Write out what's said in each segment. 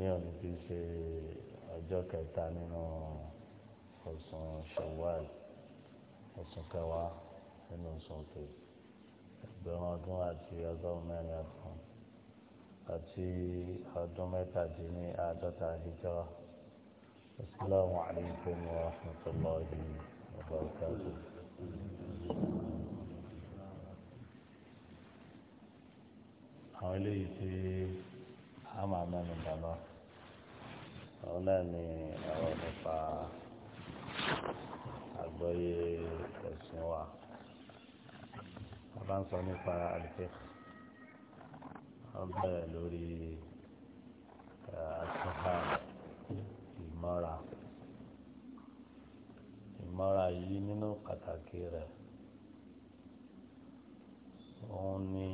ní ọ̀nà tí í ṣe ọjọ́ kẹta nínú oṣù Shawwal oṣù kẹwàá nínú oṣù òkè ẹgbẹ̀rún ọdún àti ọgọ́rùn mẹ́rin ọdún àti ọdún mẹ́tàdínní àádọ́ta hijra Assalamu alaikum wa rahmatullahi wa barakatuh. àwọn eléyìí ti. Ama máa mẹ́nu bàbá òun náà ni ọ̀rọ̀ nípa àgbọ́yé ẹ̀sìn wa bàbá ń sọ nípa àlùfẹ́ wọ́n bẹ̀rẹ̀ lórí àtúnfà ìmọ́ra ìmọ́ra yìí nínú pàtàkì rẹ̀ òun ni.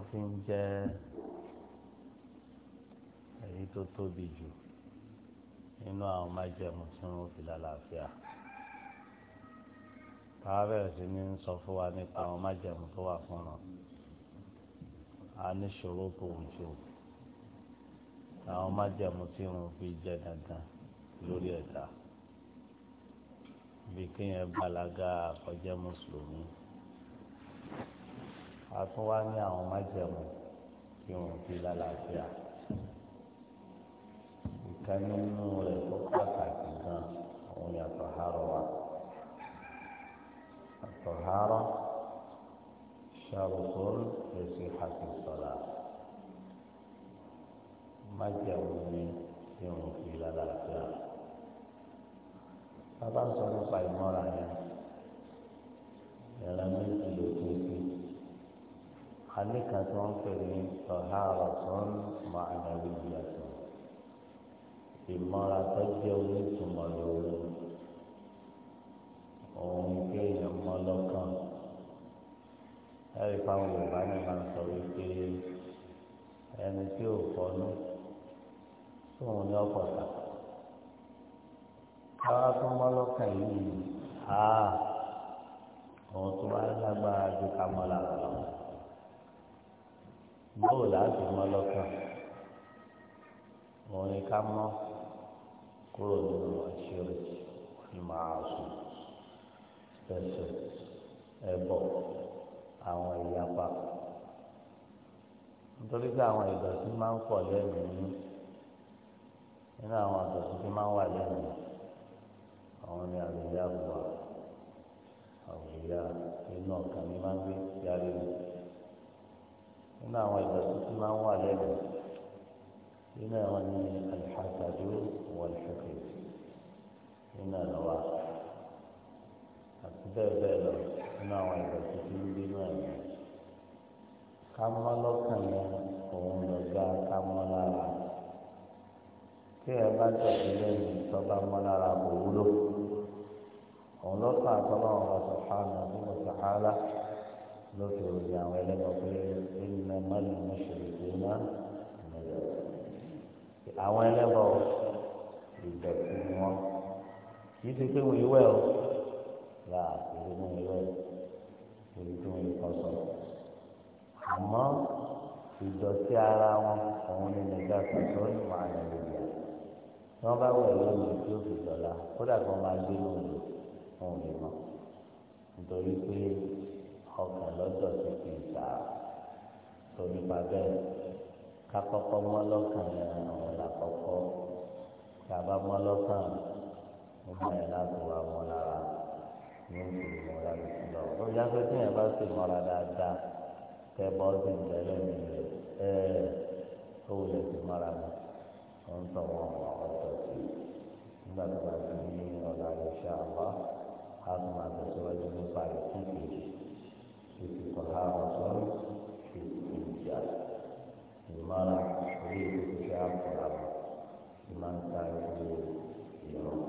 wọ́n fi ń jẹ èyí tó tóbi jù nínú àwọn májẹ̀mú tí wọ́n fi lálàáfíà táwa bẹ̀rẹ̀ sí ní sọ fún wa nípa àwọn májẹ̀mú tó wà fún ọ̀nà a ní ṣòro tó ń jò àwọn májẹ̀mú tí wọ́n fi jẹ dandan lórí ẹ̀dá bí kéèyàn balaga kọjá mùsùlùmí a tún wá ní àwọn májẹ̀mú kí wọn fi lálàáfíà ìkan nínú rẹ̀ tó pàtàkì gan òun ni àtọ̀hárọ̀ wa àtọ̀hárọ̀ ṣàròkó lèṣe àtìsọ̀là májẹ̀mú ni kí wọn fi lálàáfíà bàbá ń sọ nípa ìmọ̀ra yẹn ìrànlọ́wọ́ ìlú àníkàn tó ń pè ní sọ̀hárà tó ń mọ àdàlù ìyàtọ̀ ìmọ̀ra tó jẹ́ onítùmọ̀ lòun òun kéèyàn mọ́ lọ́kàn ẹ̀rí fáwọn Yorùbá ni máa ń sọ wípé ẹni tí ò fọnú tóun ní ọ̀pọ̀ káwá tó mọ́ lọ́kàn yìí àá òun tó wá lágbára ju ká mọ́ làwọn lọ́wọ́ bóò láti mọ lọ́kàn òun ni ká mọ́ kúrò nínú àṣírí máa sùn pẹ̀sẹ̀ ẹ̀bọ àwọn ìyapa nítorí pé àwọn ìdọ̀tí máa ń pọ̀ lẹ́nu ní nínú àwọn ìdọ̀tí tí máa ń wà lẹ́nu àwọn ni àrùyá wà àrùyá inú ọ̀kan ní máa ń gbé yálé nù nínú àwọn ìdọ̀tí tí máa ń wà lẹ́nu nínú àwọn ní alḥasadu wàlḥẹ̀kẹ̀ nínú àlọ́wà àti bẹ́ẹ̀ bẹ́ẹ̀ lọ nínú àwọn ìdọ̀tí tí ń bínú ẹ̀mí ká mọ́ lọ́kàn yẹn òun lọ́gbà ká mọ́ lára tí ẹ bá tẹ̀lé lẹ́nu tọ́ba mọ́ lára kò wúlò òun lọ́kàn àtọ́lọ́wọ́n wa sọ̀hánà bí wọ́n sọ̀hánà lókè òye àwọn ẹlẹ́wọ̀n pé ẹ̀yìnlá mọ́lẹ̀ ní ṣèlérí iná nílẹ̀ àwọn ẹlẹ́wọ̀n ìdọ̀tí ni wọ́n kìí ṣe pé wọ́n ìwẹ̀ o là èdè wọn ìwẹ̀ èyí tó ń kọ́ sọ àmọ́ ìdọ̀tí ara wọn òun ni nàìjíríà kàtó ìwà nàìjíríà tí wọ́n bá wẹ̀ lónìí tí ó fi dọ̀la kódà kan máa gbé lónìí wọn ò lè mọ̀ nítorí pé ọkàn lọ́jọ́ ti fi gbà á torí pa bẹ́ẹ̀ kakọ́kọ́ mọ́lọ́kàn yẹn àwọn làkọ́kọ́ bàbá mọ́lọ́kàn nígbà yẹn láti wà mọ́ lára ní oṣù ìmọ̀ra lòsùn lọ. ó yá pé tí yẹn bá sì mọ́ra dáadáa tẹ bọ́ọ̀sì ń bẹ̀rẹ̀ mi rẹ̀ ẹ́ ó wulẹ̀ sí mọ́ra mi ó ń tọ́ wọn àwọn ọ̀tọ̀ sí i nígbà tó bá ti ní ọ̀la ìṣàlọ́ a tún máa tẹ̀síwájú nípa ìkú في طهارة في الإنجاز لمن حديث الشعب من كان في يوم